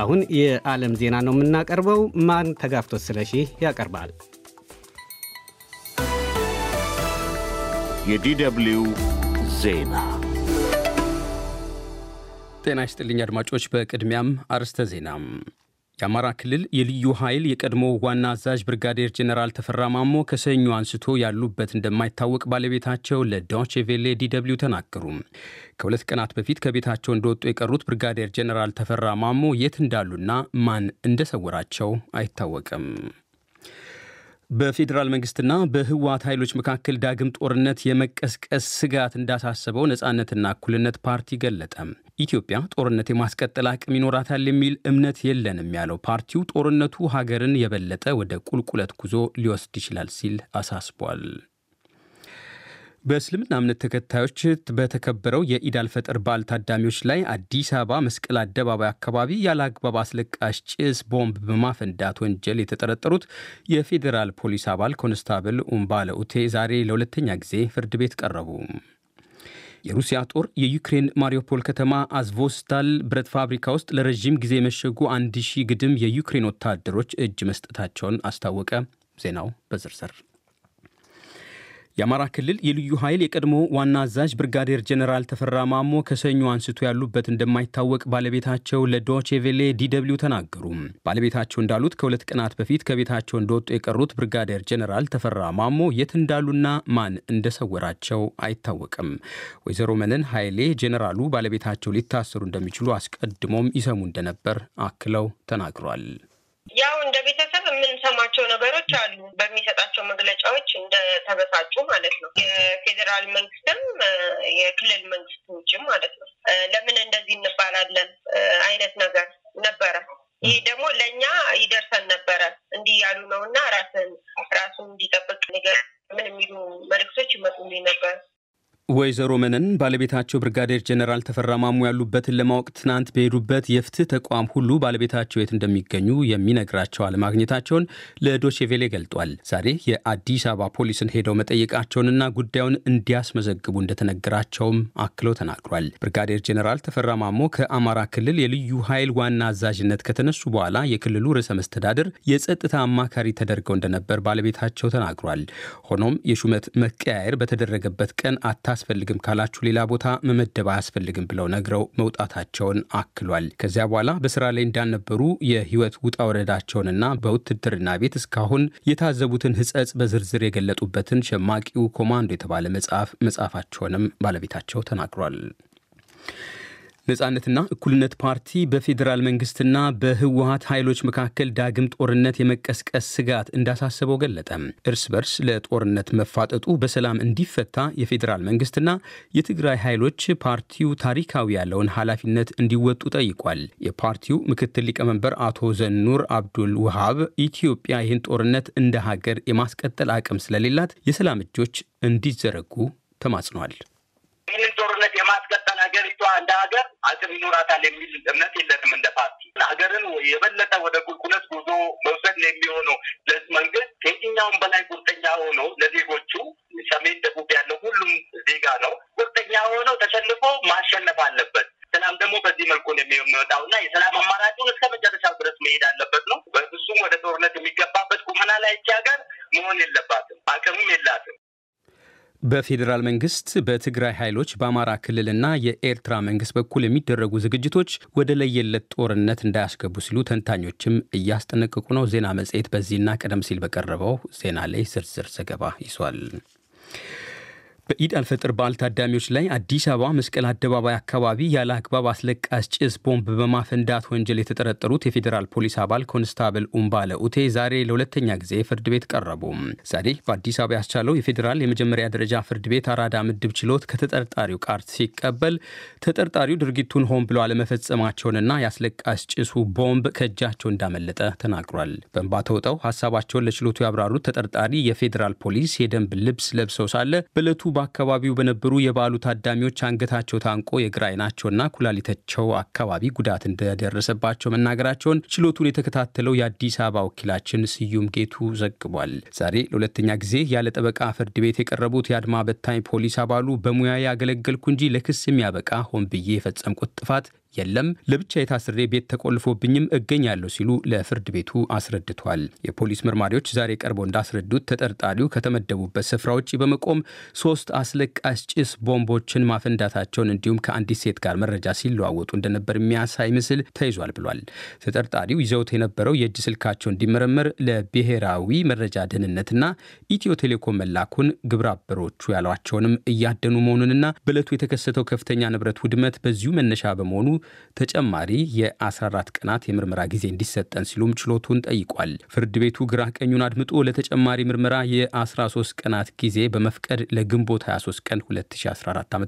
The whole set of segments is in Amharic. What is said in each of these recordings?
አሁን የዓለም ዜና ነው የምናቀርበው። ማን ተጋፍቶ ስለሺ ያቀርባል። የዲደብልዩ ዜና ጤና ይስጥልኝ አድማጮች። በቅድሚያም አርስተ ዜናም የአማራ ክልል የልዩ ኃይል የቀድሞ ዋና አዛዥ ብርጋዴር ጀነራል ተፈራ ማሞ ከሰኞ አንስቶ ያሉበት እንደማይታወቅ ባለቤታቸው ለዶቼ ቬሌ ዲደብሊው ተናገሩ። ከሁለት ቀናት በፊት ከቤታቸው እንደወጡ የቀሩት ብርጋዴር ጀነራል ተፈራ ማሞ የት እንዳሉና ማን እንደሰወራቸው አይታወቅም። በፌዴራል መንግስትና በህወሓት ኃይሎች መካከል ዳግም ጦርነት የመቀስቀስ ስጋት እንዳሳሰበው ነፃነትና እኩልነት ፓርቲ ገለጠ። ኢትዮጵያ ጦርነት የማስቀጠል አቅም ይኖራታል የሚል እምነት የለንም ያለው ፓርቲው ጦርነቱ ሀገርን የበለጠ ወደ ቁልቁለት ጉዞ ሊወስድ ይችላል ሲል አሳስቧል። በእስልምና እምነት ተከታዮች በተከበረው የኢዳል ፈጠር በዓል ታዳሚዎች ላይ አዲስ አበባ መስቀል አደባባይ አካባቢ ያለ አግባብ አስለቃሽ ጭስ ቦምብ በማፈንዳት ወንጀል የተጠረጠሩት የፌዴራል ፖሊስ አባል ኮንስታብል ኡምባለ ኡቴ ዛሬ ለሁለተኛ ጊዜ ፍርድ ቤት ቀረቡ። የሩሲያ ጦር የዩክሬን ማሪዮፖል ከተማ አዝቮስታል ብረት ፋብሪካ ውስጥ ለረዥም ጊዜ የመሸጉ አንድ ሺህ ግድም የዩክሬን ወታደሮች እጅ መስጠታቸውን አስታወቀ። ዜናው በዝርዝር የአማራ ክልል የልዩ ኃይል የቀድሞ ዋና አዛዥ ብርጋዴር ጀኔራል ተፈራ ማሞ ከሰኞ አንስቶ ያሉበት እንደማይታወቅ ባለቤታቸው ለዶቼ ቬሌ ዲደብሊው ተናገሩ። ባለቤታቸው እንዳሉት ከሁለት ቀናት በፊት ከቤታቸው እንደወጡ የቀሩት ብርጋዴር ጀኔራል ተፈራ ማሞ የት እንዳሉና ማን እንደሰወራቸው አይታወቅም። ወይዘሮ መነን ኃይሌ ጀኔራሉ ባለቤታቸው ሊታሰሩ እንደሚችሉ አስቀድሞም ይሰሙ እንደነበር አክለው ተናግሯል። ያው እንደ ቤተሰብ የምንሰማቸው ነገሮች አሉ። በሚሰጣቸው መግለጫዎች እንደተበሳጩ ማለት ነው። የፌዴራል መንግስትም የክልል መንግስቶችም ማለት ነው። ለምን እንደዚህ እንባላለን አይነት ነገር ነበረ። ይሄ ደግሞ ለእኛ ይደርሰን ነበረ እንዲህ ያሉ ነው እና ወይዘሮ መነን ባለቤታቸው ብርጋዴር ጀነራል ተፈራማሙ ያሉበትን ለማወቅ ትናንት በሄዱበት የፍትህ ተቋም ሁሉ ባለቤታቸው የት እንደሚገኙ የሚነግራቸው አለማግኘታቸውን ለዶቼቬሌ ገልጧል። ዛሬ የአዲስ አበባ ፖሊስን ሄደው መጠየቃቸውንና ጉዳዩን እንዲያስመዘግቡ እንደተነገራቸውም አክለው ተናግሯል። ብርጋዴር ጀነራል ተፈራማሞ ከአማራ ክልል የልዩ ኃይል ዋና አዛዥነት ከተነሱ በኋላ የክልሉ ርዕሰ መስተዳድር የጸጥታ አማካሪ ተደርገው እንደነበር ባለቤታቸው ተናግሯል። ሆኖም የሹመት መቀያየር በተደረገበት ቀን አታስፈ አያስፈልግም ካላችሁ ሌላ ቦታ መመደብ አያስፈልግም ብለው ነግረው መውጣታቸውን አክሏል። ከዚያ በኋላ በስራ ላይ እንዳልነበሩ የህይወት ውጣ ወረዳቸውንና በውትድርና ቤት እስካሁን የታዘቡትን ህጸጽ በዝርዝር የገለጡበትን ሸማቂው ኮማንዶ የተባለ መጽሐፍ መጽሐፋቸውንም ባለቤታቸው ተናግሯል። ነጻነትና እኩልነት ፓርቲ በፌዴራል መንግስትና በህወሀት ኃይሎች መካከል ዳግም ጦርነት የመቀስቀስ ስጋት እንዳሳሰበው ገለጠ። እርስ በርስ ለጦርነት መፋጠጡ በሰላም እንዲፈታ የፌዴራል መንግስትና የትግራይ ኃይሎች ፓርቲው ታሪካዊ ያለውን ኃላፊነት እንዲወጡ ጠይቋል። የፓርቲው ምክትል ሊቀመንበር አቶ ዘኑር አብዱል ውሃብ ኢትዮጵያ ይህን ጦርነት እንደ ሀገር የማስቀጠል አቅም ስለሌላት የሰላም እጆች እንዲዘረጉ ተማጽኗል። ይህንን ጦርነት የማስቀጠል እንደ ሀገር አቅም ይኖራታል የሚል እምነት የለንም። እንደ ፓርቲ ሀገርን የበለጠ ወደ ቁልቁለት ጉዞ መውሰድ ነው የሚሆነው። መንግስት ከየትኛውም በላይ ቁርጠኛ ሆኖ ለዜጎቹ ሰሜን፣ ደቡብ ያለው ሁሉም ዜጋ ነው ቁርጠኛ ሆኖ ተሸንፎ ማሸነፍ አለበት። ሰላም ደግሞ በዚህ መልኩ ነው የሚወጣው እና የሰላም አማራጩን እስከ መጨረሻው ድረስ መሄድ አለበት ነው። በፍጹም ወደ ጦርነት የሚገባበት ቁመና ላይ ይቺ ሀገር መሆን የለባትም። አቅምም የላትም። በፌዴራል መንግስት በትግራይ ኃይሎች በአማራ ክልልና የኤርትራ መንግስት በኩል የሚደረጉ ዝግጅቶች ወደ ለየለት ጦርነት እንዳያስገቡ ሲሉ ተንታኞችም እያስጠነቀቁ ነው። ዜና መጽሔት በዚህና ቀደም ሲል በቀረበው ዜና ላይ ዝርዝር ዘገባ ይዟል። በኢድ አልፈጥር በዓል ታዳሚዎች ላይ አዲስ አበባ መስቀል አደባባይ አካባቢ ያለ አግባብ አስለቃስ ጭስ ቦምብ በማፈንዳት ወንጀል የተጠረጠሩት የፌዴራል ፖሊስ አባል ኮንስታብል ኡምባለ ኡቴ ዛሬ ለሁለተኛ ጊዜ ፍርድ ቤት ቀረቡ። ዛሬ በአዲስ አበባ ያስቻለው የፌዴራል የመጀመሪያ ደረጃ ፍርድ ቤት አራዳ ምድብ ችሎት ከተጠርጣሪው ቃር ሲቀበል ተጠርጣሪው ድርጊቱን ሆን ብሎ አለመፈጸማቸውንና የአስለቃስ ጭሱ ቦምብ ከእጃቸው እንዳመለጠ ተናግሯል። በእንባ ተውጠው ሀሳባቸውን ለችሎቱ ያብራሩት ተጠርጣሪ የፌዴራል ፖሊስ የደንብ ልብስ ለብሰው ሳለ በዕለቱ በአካባቢው በነበሩ የበዓሉ ታዳሚዎች አንገታቸው ታንቆ የግራ አይናቸውና ኩላሊታቸው አካባቢ ጉዳት እንደደረሰባቸው መናገራቸውን ችሎቱን የተከታተለው የአዲስ አበባ ወኪላችን ስዩም ጌቱ ዘግቧል። ዛሬ ለሁለተኛ ጊዜ ያለ ጠበቃ ፍርድ ቤት የቀረቡት የአድማ በታኝ ፖሊስ አባሉ በሙያ ያገለገልኩ እንጂ ለክስ የሚያበቃ ሆን ብዬ የፈጸምኩት ጥፋት የለም ለብቻ የታስሬ ቤት ተቆልፎብኝም እገኛለሁ ሲሉ ለፍርድ ቤቱ አስረድቷል። የፖሊስ ምርማሪዎች ዛሬ ቀርበው እንዳስረዱት ተጠርጣሪው ከተመደቡበት ስፍራ ውጭ በመቆም ሶስት አስለቃሽ ጭስ ቦምቦችን ማፈንዳታቸውን እንዲሁም ከአንዲት ሴት ጋር መረጃ ሲለዋወጡ እንደነበር የሚያሳይ ምስል ተይዟል ብሏል። ተጠርጣሪው ይዘውት የነበረው የእጅ ስልካቸው እንዲመረመር ለብሔራዊ መረጃ ደህንነትና ኢትዮ ቴሌኮም መላኩን ግብረ አበሮቹ ያሏቸውንም እያደኑ መሆኑንና በዕለቱ የተከሰተው ከፍተኛ ንብረት ውድመት በዚሁ መነሻ በመሆኑ ተጨማሪ የ14 ቀናት የምርመራ ጊዜ እንዲሰጠን ሲሉም ችሎቱን ጠይቋል። ፍርድ ቤቱ ግራ ቀኙን አድምጦ ለተጨማሪ ምርመራ የ13 ቀናት ጊዜ በመፍቀድ ለግንቦት 23 ቀን 2014 ዓ.ም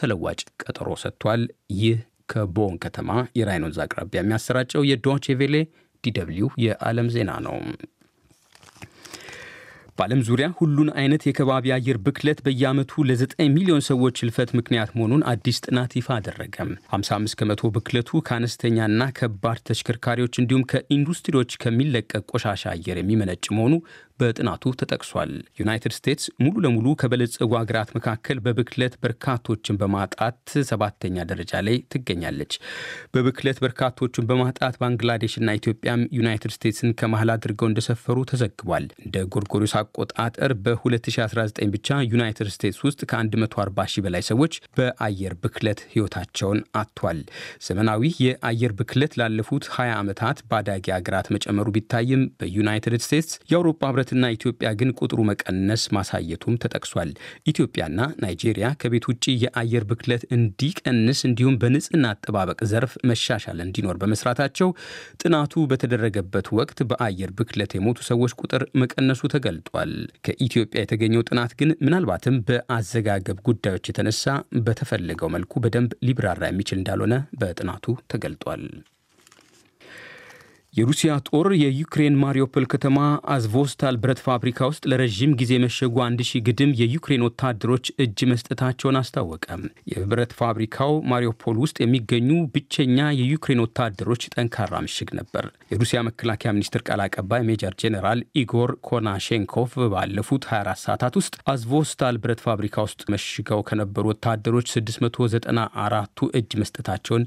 ተለዋጭ ቀጠሮ ሰጥቷል። ይህ ከቦን ከተማ የራይን ወንዝ አቅራቢያ የሚያሰራጨው የዶቼ ቬሌ ዲ የዓለም ዜና ነው። በዓለም ዙሪያ ሁሉን አይነት የከባቢ አየር ብክለት በየዓመቱ ለ9 ሚሊዮን ሰዎች ህልፈት ምክንያት መሆኑን አዲስ ጥናት ይፋ አደረገ። 55 ከመቶ ብክለቱ ከአነስተኛና ከባድ ተሽከርካሪዎች እንዲሁም ከኢንዱስትሪዎች ከሚለቀቅ ቆሻሻ አየር የሚመነጭ መሆኑ በጥናቱ ተጠቅሷል። ዩናይትድ ስቴትስ ሙሉ ለሙሉ ከበለጸጉ ሀገራት መካከል በብክለት በርካቶችን በማጣት ሰባተኛ ደረጃ ላይ ትገኛለች። በብክለት በርካቶችን በማጣት ባንግላዴሽና ኢትዮጵያም ዩናይትድ ስቴትስን ከመሀል አድርገው እንደሰፈሩ ተዘግቧል። እንደ ጎርጎሪስ አቆጣጠር በ2019 ብቻ ዩናይትድ ስቴትስ ውስጥ ከ140 ሺህ በላይ ሰዎች በአየር ብክለት ህይወታቸውን አጥቷል። ዘመናዊ የአየር ብክለት ላለፉት 20 ዓመታት በአዳጊ ሀገራት መጨመሩ ቢታይም በዩናይትድ ስቴትስ የአውሮፓ ህብረት ህብረትና ኢትዮጵያ ግን ቁጥሩ መቀነስ ማሳየቱም ተጠቅሷል። ኢትዮጵያና ናይጄሪያ ከቤት ውጭ የአየር ብክለት እንዲቀንስ እንዲሁም በንጽህና አጠባበቅ ዘርፍ መሻሻል እንዲኖር በመስራታቸው ጥናቱ በተደረገበት ወቅት በአየር ብክለት የሞቱ ሰዎች ቁጥር መቀነሱ ተገልጧል። ከኢትዮጵያ የተገኘው ጥናት ግን ምናልባትም በአዘጋገብ ጉዳዮች የተነሳ በተፈለገው መልኩ በደንብ ሊብራራ የሚችል እንዳልሆነ በጥናቱ ተገልጧል። የሩሲያ ጦር የዩክሬን ማሪዮፖል ከተማ አዝቮስታል ብረት ፋብሪካ ውስጥ ለረዥም ጊዜ የመሸጉ አንድ ሺህ ግድም የዩክሬን ወታደሮች እጅ መስጠታቸውን አስታወቀ። የብረት ፋብሪካው ማሪዮፖል ውስጥ የሚገኙ ብቸኛ የዩክሬን ወታደሮች ጠንካራ ምሽግ ነበር። የሩሲያ መከላከያ ሚኒስትር ቃል አቀባይ ሜጀር ጄኔራል ኢጎር ኮናሼንኮቭ ባለፉት 24 ሰዓታት ውስጥ አዝቮስታል ብረት ፋብሪካ ውስጥ መሽገው ከነበሩ ወታደሮች 694ቱ እጅ መስጠታቸውን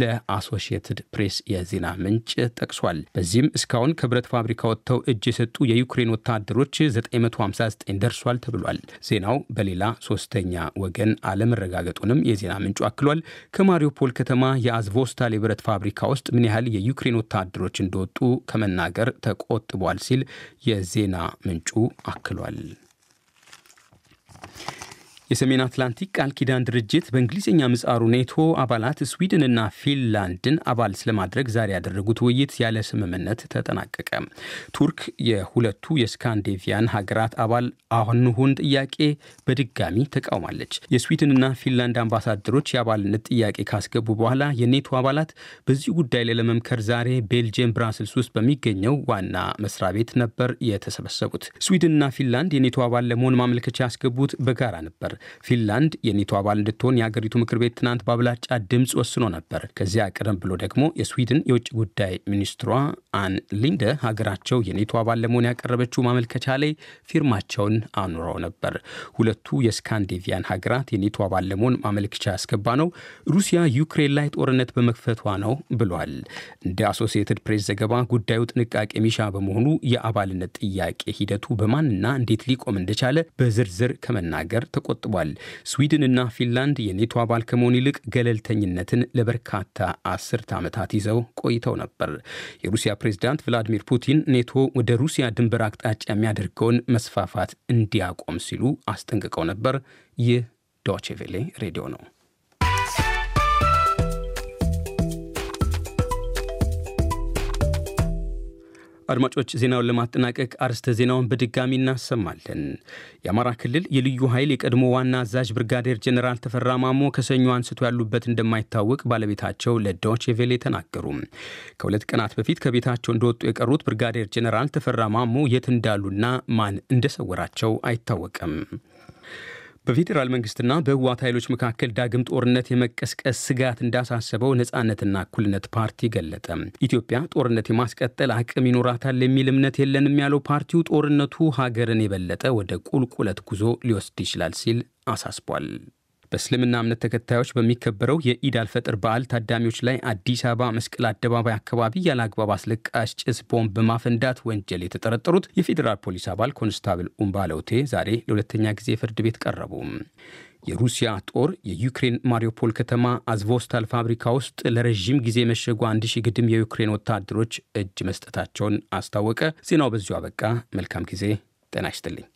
ለአሶሺየትድ ፕሬስ የዜና ምንጭ ጠቅሷል። በዚህም እስካሁን ከብረት ፋብሪካ ወጥተው እጅ የሰጡ የዩክሬን ወታደሮች 959 ደርሷል ተብሏል። ዜናው በሌላ ሶስተኛ ወገን አለመረጋገጡንም የዜና ምንጩ አክሏል። ከማሪውፖል ከተማ የአዝቮስታል የብረት ፋብሪካ ውስጥ ምን ያህል የዩክሬን ወታደሮች እንደወጡ ከመናገር ተቆጥቧል ሲል የዜና ምንጩ አክሏል። የሰሜን አትላንቲክ ቃል ኪዳን ድርጅት በእንግሊዝኛ ምጻሩ ኔቶ አባላት ስዊድንና ፊንላንድን አባል ስለማድረግ ዛሬ ያደረጉት ውይይት ያለ ስምምነት ተጠናቀቀ። ቱርክ የሁለቱ የስካንዴቪያን ሀገራት አባል አሁንሁን ጥያቄ በድጋሚ ተቃውማለች። የስዊድንና ፊንላንድ አምባሳደሮች የአባልነት ጥያቄ ካስገቡ በኋላ የኔቶ አባላት በዚህ ጉዳይ ላይ ለመምከር ዛሬ ቤልጅየም ብራስልስ ውስጥ በሚገኘው ዋና መስሪያ ቤት ነበር የተሰበሰቡት። ስዊድንና ፊንላንድ የኔቶ አባል ለመሆን ማመልከቻ ያስገቡት በጋራ ነበር። ፊንላንድ የኔቶ አባል እንድትሆን የሀገሪቱ ምክር ቤት ትናንት በአብላጫ ድምፅ ወስኖ ነበር። ከዚያ ቀደም ብሎ ደግሞ የስዊድን የውጭ ጉዳይ ሚኒስትሯ አን ሊንደ ሀገራቸው የኔቶ አባል ለመሆን ያቀረበችው ማመልከቻ ላይ ፊርማቸውን አኑረው ነበር። ሁለቱ የስካንዴቪያን ሀገራት የኔቶ አባል ለመሆን ማመልከቻ ያስገባ ነው ሩሲያ ዩክሬን ላይ ጦርነት በመክፈቷ ነው ብሏል። እንደ አሶሲየትድ ፕሬስ ዘገባ ጉዳዩ ጥንቃቄ ሚሻ በመሆኑ የአባልነት ጥያቄ ሂደቱ በማንና እንዴት ሊቆም እንደቻለ በዝርዝር ከመናገር ተቆጠ ተቆጥቧል። ስዊድንና ፊንላንድ የኔቶ አባል ከመሆን ይልቅ ገለልተኝነትን ለበርካታ አስርት ዓመታት ይዘው ቆይተው ነበር። የሩሲያ ፕሬዝዳንት ቭላዲሚር ፑቲን ኔቶ ወደ ሩሲያ ድንበር አቅጣጫ የሚያደርገውን መስፋፋት እንዲያቆም ሲሉ አስጠንቅቀው ነበር። ይህ ቬሌ ሬዲዮ ነው። አድማጮች ዜናውን ለማጠናቀቅ አርስተ ዜናውን በድጋሚ እናሰማለን። የአማራ ክልል የልዩ ኃይል የቀድሞ ዋና አዛዥ ብርጋዴር ጀኔራል ተፈራ ማሞ ከሰኞ አንስቶ ያሉበት እንደማይታወቅ ባለቤታቸው ለዳዎች ቬለ ተናገሩ። ከሁለት ቀናት በፊት ከቤታቸው እንደወጡ የቀሩት ብርጋዴር ጀኔራል ተፈራ ማሞ የት እንዳሉና ማን እንደሰወራቸው አይታወቅም። በፌዴራል መንግስትና በህወሓት ኃይሎች መካከል ዳግም ጦርነት የመቀስቀስ ስጋት እንዳሳሰበው ነጻነትና እኩልነት ፓርቲ ገለጠ። ኢትዮጵያ ጦርነት የማስቀጠል አቅም ይኖራታል የሚል እምነት የለንም ያለው ፓርቲው ጦርነቱ ሀገርን የበለጠ ወደ ቁልቁለት ጉዞ ሊወስድ ይችላል ሲል አሳስቧል። በእስልምና እምነት ተከታዮች በሚከበረው የኢድ አልፈጥር በዓል ታዳሚዎች ላይ አዲስ አበባ መስቀል አደባባይ አካባቢ ያለ አግባብ አስለቃሽ ጭስ ቦምብ በማፈንዳት ወንጀል የተጠረጠሩት የፌዴራል ፖሊስ አባል ኮንስታብል ኡምባለውቴ ዛሬ ለሁለተኛ ጊዜ ፍርድ ቤት ቀረቡ። የሩሲያ ጦር የዩክሬን ማሪውፖል ከተማ አዝቮስታል ፋብሪካ ውስጥ ለረዥም ጊዜ መሸጉ አንድ ሺህ ግድም የዩክሬን ወታደሮች እጅ መስጠታቸውን አስታወቀ። ዜናው በዚሁ አበቃ። መልካም ጊዜ። ጤና ይስጥልኝ።